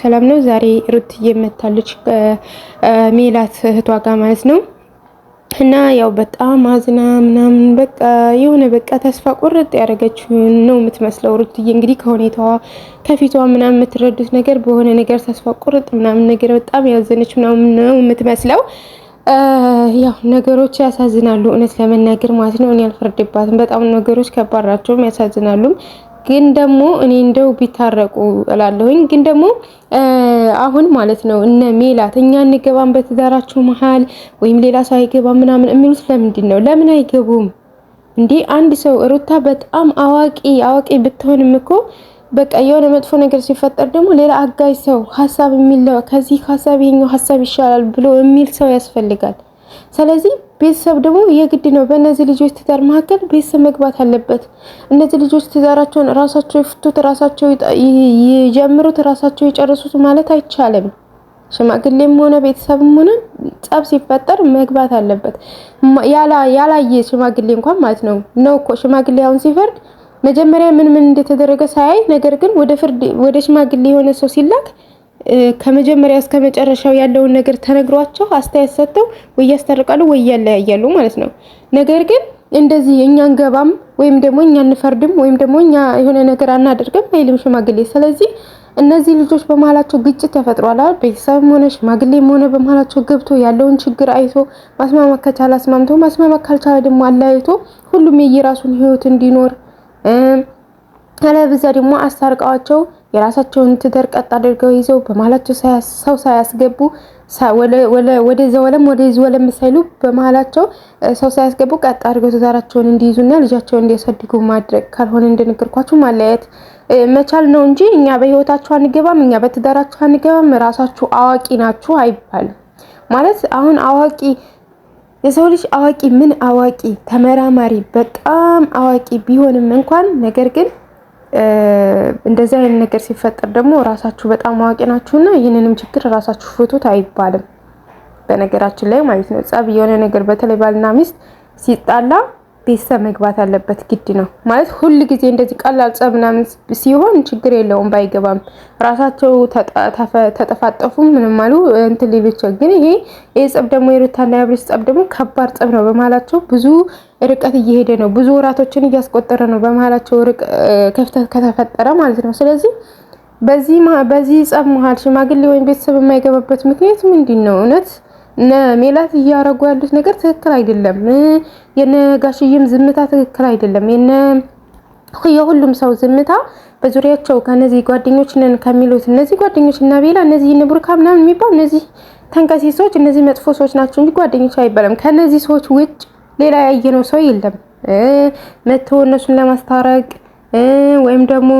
ሰላም ነው። ዛሬ ሩት መታለች ሜላት እህቷ ጋር ማለት ነው። እና ያው በጣም አዝና ምናምን በቃ የሆነ በቃ ተስፋ ቁርጥ ያደረገችው ነው የምትመስለው ሩትዬ። እንግዲህ ከሁኔታዋ ከፊቷ ምናምን የምትረዱት ነገር በሆነ ነገር ተስፋ ቁርጥ ምናምን ነገር በጣም ያዘነች ምናምን ነው የምትመስለው። ያው ነገሮች ያሳዝናሉ፣ እውነት ለመናገር ማለት ነው። እኔ አልፈርድባትም። በጣም ነገሮች ከባድ ናቸውም ያሳዝናሉም። ግን ደግሞ እኔ እንደው ቢታረቁ እላለሁኝ። ግን ደግሞ አሁን ማለት ነው እነ ሜላት እኛ እንገባም በትዳራችሁ መሀል ወይም ሌላ ሰው አይገባ ምናምን የሚሉት ለምንድን ነው? ለምን አይገቡም እንዴ? አንድ ሰው ሩታ በጣም አዋቂ አዋቂ ብትሆንም እኮ በቃ የሆነ መጥፎ ነገር ሲፈጠር ደግሞ ሌላ አጋዥ ሰው ሀሳብ የሚለው ከዚህ ሀሳብ ይሄኛው ሀሳብ ይሻላል ብሎ የሚል ሰው ያስፈልጋል። ስለዚህ ቤተሰብ ደግሞ የግድ ነው በእነዚህ ልጆች ትዳር መካከል ቤተሰብ መግባት አለበት። እነዚህ ልጆች ትዳራቸውን ራሳቸው ይፍቱት፣ ራሳቸው ይጀምሩት፣ ራሳቸው ይጨርሱት ማለት አይቻልም። ሽማግሌም ሆነ ቤተሰብም ሆነ ጸብ ሲፈጠር መግባት አለበት። ያላየ ሽማግሌ እንኳን ማለት ነው ነው እኮ ሽማግሌ አሁን ሲፈርድ መጀመሪያ ምን ምን እንደተደረገ ሳያይ ነገር ግን ወደ ፍርድ ወደ ሽማግሌ የሆነ ሰው ሲላክ ከመጀመሪያ እስከ መጨረሻው ያለውን ነገር ተነግሯቸው አስተያየት ሰጥተው ወይ ያስታርቃሉ ወይ ያለያያሉ ማለት ነው። ነገር ግን እንደዚህ እኛ እንገባም ወይም ደግሞ እኛ እንፈርድም ወይም ደግሞ እኛ የሆነ ነገር አናደርግም አይልም ሽማግሌ። ስለዚህ እነዚህ ልጆች በመሀላቸው ግጭት ተፈጥሯል። ቤተሰብም ሆነ ሽማግሌም ሆነ በመሀላቸው ገብቶ ያለውን ችግር አይቶ ማስማማት ከቻለ አስማምቶ፣ ማስማማት ካልቻለ ደግሞ አለያይቶ ሁሉም የየራሱን ህይወት እንዲኖር አለበዛ ደግሞ አስታርቀዋቸው የራሳቸውን ትዳር ቀጥ አድርገው ይዘው በመሀላቸው ሰው ሳያስገቡ ወደዛ ወለም ወደዚ ወለም ሳይሉ በመሀላቸው ሰው ሳያስገቡ ቀጥ አድርገው ትዳራቸውን እንዲይዙና ልጃቸውን እንዲያሳድጉ ማድረግ ካልሆነ እንደነገርኳችሁ ማለያየት መቻል ነው እንጂ እኛ በህይወታችሁ አንገባም፣ እኛ በትዳራችሁ አንገባም፣ ራሳችሁ አዋቂ ናችሁ አይባልም። ማለት አሁን አዋቂ የሰው ልጅ አዋቂ ምን አዋቂ ተመራማሪ በጣም አዋቂ ቢሆንም እንኳን ነገር ግን እንደዚህ አይነት ነገር ሲፈጠር ደግሞ ራሳችሁ በጣም አዋቂ ናችሁና ይህንንም ችግር ራሳችሁ ፍቱት አይባልም። በነገራችን ላይ ማለት ነው ጸብ የሆነ ነገር በተለይ ባልና ሚስት ሲጣላ ቤተሰብ መግባት አለበት ግድ ነው ማለት ሁል ጊዜ እንደዚህ ቀላል ጸብ ምናምን ሲሆን ችግር የለውም ባይገባም ራሳቸው ተጠፋጠፉ ምንም አሉ እንትን ሌሎች ግን ይሄ ይህ ጸብ ደግሞ የሩታና የአብርሽ ጸብ ደግሞ ከባድ ጸብ ነው በመሀላቸው ብዙ ርቀት እየሄደ ነው ብዙ ወራቶችን እያስቆጠረ ነው በመሀላቸው ክፍተት ከተፈጠረ ማለት ነው ስለዚህ በዚህ ጸብ መሀል ሽማግሌ ወይም ቤተሰብ የማይገባበት ምክንያት ምንድን ነው እውነት ሜላት እያረጉ ያሉት ነገር ትክክል አይደለም። የነ ጋሽዬም ዝምታ ትክክል አይደለም። የነ የሁሉም ሰው ዝምታ በዙሪያቸው ከነዚህ ጓደኞች ነን ከሚሉት እነዚህ ጓደኞች እና ቤላ እነዚህ ንቡርካ ምናምን የሚባል እነዚህ ተንከሴ ሰዎች እነዚህ መጥፎ ሰዎች ናቸው እንጂ ጓደኞች አይባልም። ከነዚህ ሰዎች ውጭ ሌላ ያየነው ሰው የለም። መተው እነሱን ለማስታረቅ ወይም ደግሞ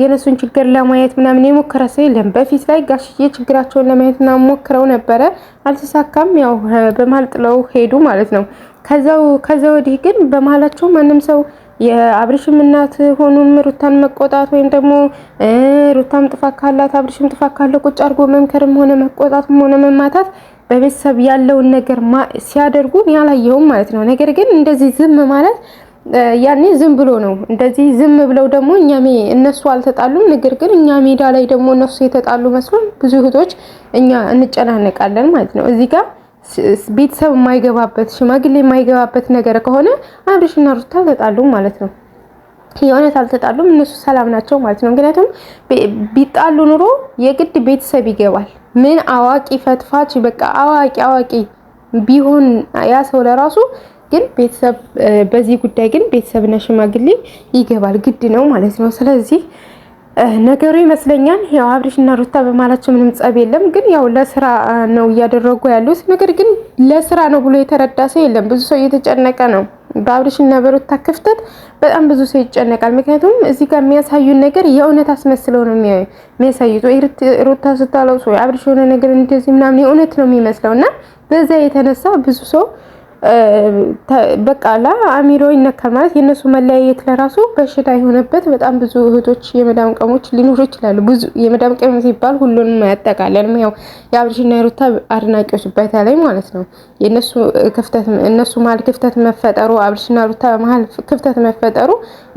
የነሱን ችግር ለማየት ምናምን የሞከረ ሰው የለም። በፊት ላይ ጋሽዬ ችግራቸውን ለማየት ምናምን ሞክረው ነበረ፣ አልተሳካም። ያው በመሀል ጥለው ሄዱ ማለት ነው። ከዛው ከዛ ወዲህ ግን በመሀላቸው ማንም ሰው የአብርሽም እናት ሆኑም ሩታን መቆጣት ወይም ደግሞ ሩታም ጥፋት ካላት አብርሽም ጥፋት ካለ ቁጭ አድርጎ መምከርም ሆነ መቆጣትም ሆነ መማታት በቤተሰብ ያለውን ነገር ሲያደርጉ ያላየውም ማለት ነው። ነገር ግን እንደዚህ ዝም ማለት ያኔ ዝም ብሎ ነው እንደዚህ ዝም ብለው ደግሞ እኛ እነሱ አልተጣሉም። ነገር ግን እኛ ሜዳ ላይ ደግሞ እነሱ የተጣሉ መስሎን ብዙ እህቶች እኛ እንጨናነቃለን ማለት ነው። እዚህ ጋር ቤተሰብ የማይገባበት ሽማግሌ የማይገባበት ነገር ከሆነ አብርሽና ሩታ አልተጣሉም ማለት ነው። የእውነት አልተጣሉም። እነሱ ሰላም ናቸው ማለት ነው። ምክንያቱም ቢጣሉ ኑሮ የግድ ቤተሰብ ይገባል። ምን አዋቂ ፈትፋች በቃ አዋቂ አዋቂ ቢሆን ያ ሰው ለራሱ ግን ቤተሰብ በዚህ ጉዳይ ግን ቤተሰብና ሽማግሌ ይገባል፣ ግድ ነው ማለት ነው። ስለዚህ ነገሩ ይመስለኛል ያው አብርሽና ሩታ በማላቸው ምንም ጸብ የለም። ግን ያው ለስራ ነው እያደረጉ ያሉት ነገር ግን ለስራ ነው ብሎ የተረዳ ሰው የለም። ብዙ ሰው እየተጨነቀ ነው። በአብርሽና በሩታ ክፍተት በጣም ብዙ ሰው ይጨነቃል። ምክንያቱም እዚህ ጋር የሚያሳዩን ነገር የእውነት አስመስለው ነው የሚያሳዩት። ወይ ሩታ ስታለቅስ ወይ አብሪሽ የሆነ ነገር እንደዚህ ምናምን የእውነት ነው የሚመስለው እና በዛ የተነሳ ብዙ ሰው በቃላ አሚሮ ይነካ ማለት የእነሱ መለያየት ለራሱ በሽታ የሆነበት በጣም ብዙ እህቶች የመዳም ቀሞች ሊኖሩ ይችላሉ። ብዙ የመዳም ቀም ሲባል ሁሉንም አያጠቃለልም። ያው የአብርሽና የሩታ አድናቂዎች ላይ ማለት ነው የነሱ ክፍተት እነሱ መሀል ክፍተት መፈጠሩ አብርሽና ሩታ መሀል ክፍተት መፈጠሩ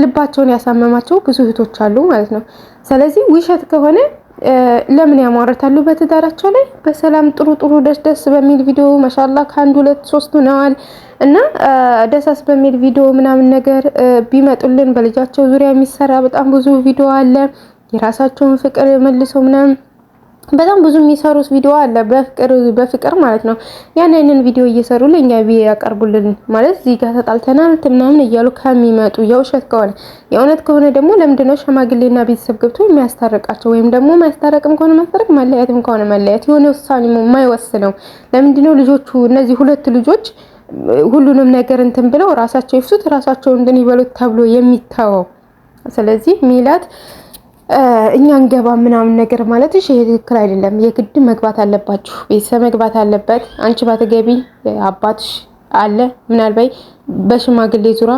ልባቸውን ያሳመማቸው ብዙ እህቶች አሉ ማለት ነው። ስለዚህ ውሸት ከሆነ ለምን ያሟርታሉ በትዳራቸው ላይ በሰላም ጥሩ ጥሩ ደስ ደስ በሚል ቪዲዮ መሻላ ከአንድ ሁለት ሶስት ሆነዋል እና ደሳስ በሚል ቪዲዮ ምናምን ነገር ቢመጡልን በልጃቸው ዙሪያ የሚሰራ በጣም ብዙ ቪዲዮ አለ የራሳቸውን ፍቅር መልሰው ምናምን በጣም ብዙ የሚሰሩት ቪዲዮ አለ በፍቅር በፍቅር ማለት ነው። ያንንን ቪዲዮ እየሰሩ ቪዲዮ ያቀርቡልን ማለት እዚህ ጋር ተጣልተናል ምናምን እያሉ ከሚመጡ የውሸት ከሆነ የእውነት ከሆነ ደግሞ ለምንድነው ነው ሸማግሌና ቤተሰብ ገብቶ የሚያስታርቃቸው? ወይም ደግሞ ማያስታረቅም ከሆነ ማስታረቅ፣ መለያየትም ከሆነ መለያየት የሆነ ውሳኔ የማይወስነው ለምንድን ነው? ልጆቹ እነዚህ ሁለት ልጆች ሁሉንም ነገር እንትን ብለው ራሳቸው ይፍሱት ራሳቸው እንትን ይበሉት ተብሎ የሚታወው ስለዚህ ሚላት እኛ እንገባ ምናምን ነገር ማለት ይሄ ትክክል አይደለም። የግድ መግባት አለባችሁ። ቤተሰብ መግባት አለበት። አንቺ ባትገቢ አባትሽ አለ ምናልባይ በሽማግሌ ዙራ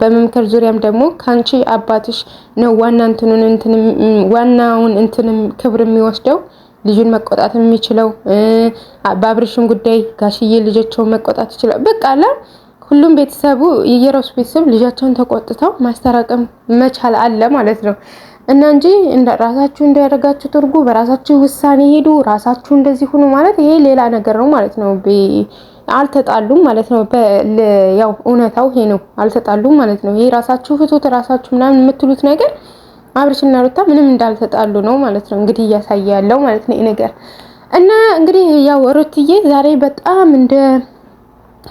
በመምከር ዙሪያም ደግሞ ከአንቺ አባትሽ ነው ዋና እንትኑን እንትንም ዋናውን እንትንም ክብር የሚወስደው ልጁን መቆጣት የሚችለው በአብርሽን ጉዳይ ጋሽዬ ልጆቸውን መቆጣት ይችላል። በቃ አለ ሁሉም ቤተሰቡ የየራሱ ቤተሰብ ልጃቸውን ተቆጥተው ማስተራቀም መቻል አለ ማለት ነው። እና እንጂ ራሳችሁ እንዳያደርጋችሁ ትርጉ፣ በራሳችሁ ውሳኔ ሄዱ፣ ራሳችሁ እንደዚህ ሁኑ ማለት ይሄ ሌላ ነገር ነው ማለት ነው። አልተጣሉም ማለት ነው። ያው እውነታው ይሄ ነው። አልተጣሉም ማለት ነው። ይሄ ራሳችሁ ፍቱት፣ ራሳችሁ ምናምን የምትሉት ነገር አብርሽና ሩታ ምንም እንዳልተጣሉ ነው ማለት ነው። እንግዲህ እያሳየ ያለው ማለት ነው ይሄ ነገር እና እንግዲህ ያው ሩትዬ ዛሬ በጣም እንደ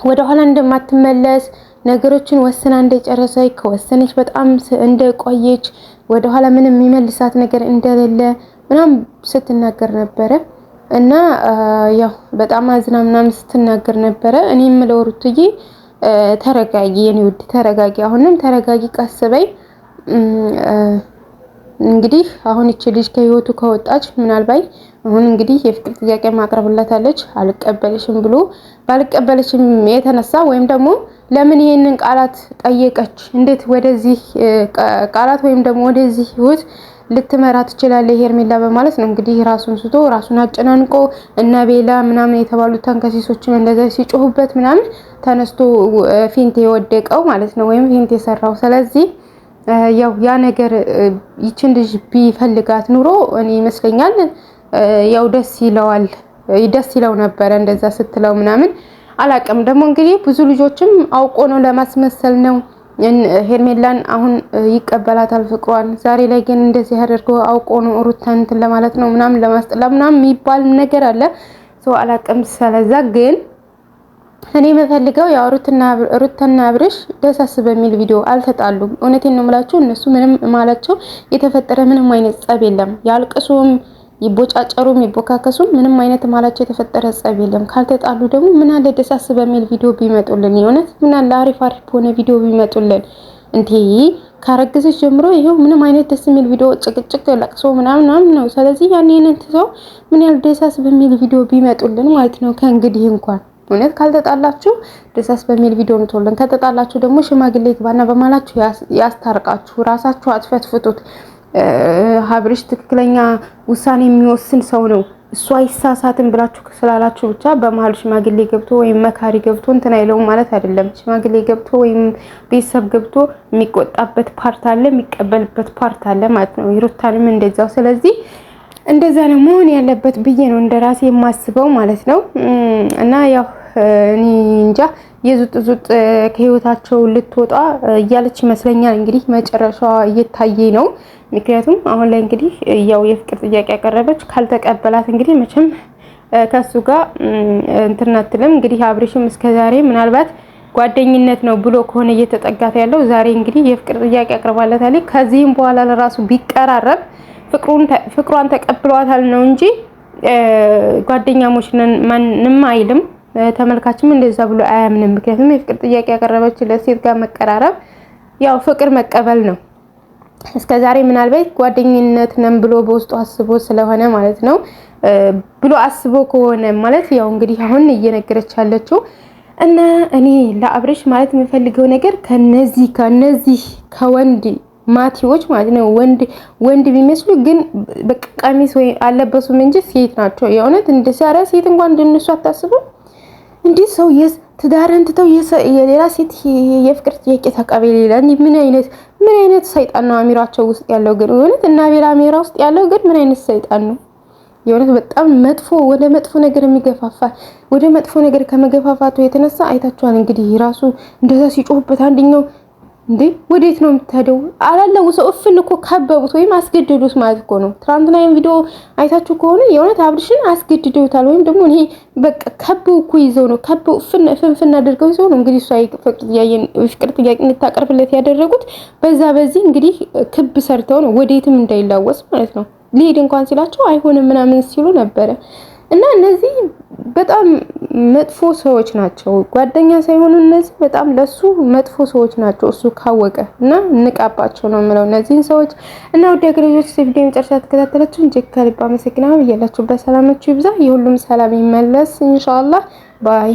ወደኋላ እንደማትመለስ ነገሮችን ወስና እንደጨረሰች ከወሰነች በጣም እንደቆየች ወደኋላ ምንም የሚመልሳት ነገር እንደሌለ ምናምን ስትናገር ነበረ እና ያው በጣም አዝና ምናምን ስትናገር ነበረ። እኔም የምለው ተረጋጊ፣ የኔ ውድ ተረጋጊ፣ አሁንም ተረጋጊ፣ ቀስ በይ እንግዲህ አሁን እቺ ልጅ ከህይወቱ ከወጣች ምናልባት አሁን እንግዲህ የፍቅር ጥያቄ ማቅረብላታለች። አልቀበልሽም ብሎ ባልቀበልሽም የተነሳ ወይም ደግሞ ለምን ይሄንን ቃላት ጠየቀች? እንዴት ወደዚህ ቃላት ወይም ደግሞ ወደዚህ ህይወት ልትመራ ትችላለ ሄርሜላ በማለት ነው እንግዲህ ራሱን ስቶ ራሱን አጨናንቆ እነ ቤላ ምናምን የተባሉት ተንከሲሶችን እንደዛ ሲጮሁበት ምናምን ተነስቶ ፊንት የወደቀው ማለት ነው ወይም ፊንት የሰራው ስለዚህ ያው ያ ነገር ይችን ልጅ ቢፈልጋት ኑሮ እኔ ይመስለኛል ያው ደስ ይለዋል ደስ ይለው ነበረ እንደዛ ስትለው ምናምን አላቅም። ደግሞ እንግዲህ ብዙ ልጆችም አውቆ ነው ለማስመሰል ነው ሄርሜላን አሁን ይቀበላታል ፍቅሯን። ዛሬ ላይ ግን እንደዚህ አደርገው አውቆ ነው ሩታን እንትን ለማለት ነው ምናምን ለማስጠላ ምናምን የሚባል ነገር አለ ሰው አላቅም። ስለዛ ግን እኔ የምፈልገው ያው ሩትና አብርሽ ደሳስ በሚል ቪዲዮ አልተጣሉም። እውነቴን ነው የምላችሁ። እነሱ ምንም ማላቸው የተፈጠረ ምንም አይነት ጸብ የለም። ያልቅሱም፣ ይቦጫጨሩም፣ ይቦካከሱም ምንም አይነት ማላቸው የተፈጠረ ጸብ የለም። ካልተጣሉ ደግሞ ምን አለ ደሳስ በሚል ቪዲዮ ቢመጡልን፣ የእውነት ምን አለ አሪፍ አሪፍ ሆነ ቪዲዮ ቢመጡልን። እንዴ ካረገዘች ጀምሮ ይሄው ምንም አይነት ደስ የሚል ቪዲዮ ጭቅጭቅ፣ ለቅሶ ምናምን ምናምን ነው። ስለዚህ ያን ሰው ምን ያህል ደሳስ በሚል ቪዲዮ ቢመጡልን ማለት ነው ከእንግዲህ እንኳን እውነት ካልተጣላችሁ ደሳስ በሚል ቪዲዮ እንቶልን። ከተጣላችሁ ደግሞ ሽማግሌ ይግባና በማላችሁ ያስታርቃችሁ። ራሳችሁ አትፈትፍቱት። ሀብርሽ ትክክለኛ ውሳኔ የሚወስን ሰው ነው እሱ አይሳሳትም ብላችሁ ስላላችሁ ብቻ በመሀል ሽማግሌ ገብቶ ወይም መካሪ ገብቶ እንትን አይለውም ማለት አይደለም። ሽማግሌ ገብቶ ወይም ቤተሰብ ገብቶ የሚቆጣበት ፓርት አለ፣ የሚቀበልበት ፓርት አለ ማለት ነው። ሩታንም እንደዛው። ስለዚህ እንደዛ ነው መሆን ያለበት ብዬ ነው እንደራሴ የማስበው ማለት ነው እና ያው እኔ እንጃ የዙጥ ዙጥ ከህይወታቸው ልትወጣ እያለች ይመስለኛል። እንግዲህ መጨረሻዋ እየታየ ነው። ምክንያቱም አሁን ላይ እንግዲህ ያው የፍቅር ጥያቄ ያቀረበች ካልተቀበላት እንግዲህ መቼም ከሱ ጋር እንትን አትልም። እንግዲህ አብሬሽም እስከዛሬ ምናልባት ጓደኝነት ነው ብሎ ከሆነ እየተጠጋት ያለው ዛሬ እንግዲህ የፍቅር ጥያቄ ያቀርባለታል። ከዚህም በኋላ ለራሱ ቢቀራረብ ፍቅሯን ተቀብሏታል ነው እንጂ ጓደኛሞች ማንም አይልም። ተመልካችም እንደዛ ብሎ አያምንም። ምክንያቱም የፍቅር ጥያቄ ያቀረበችለት ሴት ጋር መቀራረብ ያው ፍቅር መቀበል ነው። እስከ ዛሬ ምናልባት ጓደኝነት ነን ብሎ በውስጡ አስቦ ስለሆነ ማለት ነው ብሎ አስቦ ከሆነ ማለት ያው እንግዲህ አሁን እየነገረች ያለችው እና እኔ ለአብረሽ ማለት የምፈልገው ነገር ከነዚህ ከነዚህ ከወንድ ማቲዎች ማለት ነው ወንድ ወንድ ቢመስሉ ግን በቃ ቀሚስ ወይ አለበሱም እንጂ ሴት ናቸው። የእውነት ሲያረ ሴት እንኳን እንደነሱ አታስቡም። እንዴት ሰው ትዳርን ትተው የሌላ ሴት የፍቅር ጥያቄ ተቀበል ይላል። ምን አይነት ምን አይነት ሰይጣን ነው አሚራቸው ውስጥ ያለው ግን? እውነት እና ቤላ አሚራ ውስጥ ያለው ግን ምን አይነት ሰይጣን ነው? የእውነት በጣም መጥፎ ወደ መጥፎ ነገር የሚገፋፋ ወደ መጥፎ ነገር ከመገፋፋቱ የተነሳ አይታችኋል እንግዲህ ራሱ እንደዛ ሲጮህበት አንደኛው እንዴ ወዴት ነው የምትሄደው? አላለው ሰው እፍን እኮ ከበቡት ወይም አስገድዱት ማለት እኮ ነው። ትናንትና ይሄን ቪዲዮ አይታችሁ ከሆነ የእውነት አብርሽን አስገድደውታል፣ ወይም ደግሞ ይሄ በቃ ከበው እኮ ይዘው ነው ከበው እፍን እፍን አድርገው ይዘው ነው እንግዲህ እሷ ፍቅር ጥያቄ እንድታቀርብለት ያደረጉት። በዛ በዚህ እንግዲህ ክብ ሰርተው ነው ወዴትም እንዳይላወስ ማለት ነው። ሊሄድ እንኳን ሲላቸው አይሆንም ምናምን ሲሉ ነበረ። እና እነዚህ በጣም መጥፎ ሰዎች ናቸው። ጓደኛ ሳይሆኑ እነዚህ በጣም ለሱ መጥፎ ሰዎች ናቸው። እሱ ካወቀ እና እንቃባቸው ነው የምለው እነዚህን ሰዎች እና ወደ አገሬዎች ሴቪዲ መጨረሻ ተከታተላችሁ እንጂ ከልብ አመሰግናለሁ። እያላችሁበት ሰላማችሁ ይብዛ። የሁሉም ሰላም ይመለስ ኢንሻአላህ ባይ